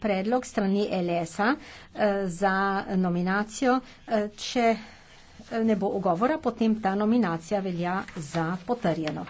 predlog strani LS-a eh, za nominacijo. Eh, če eh, ne bo ugovora, potem ta nominacija velja za potrjeno.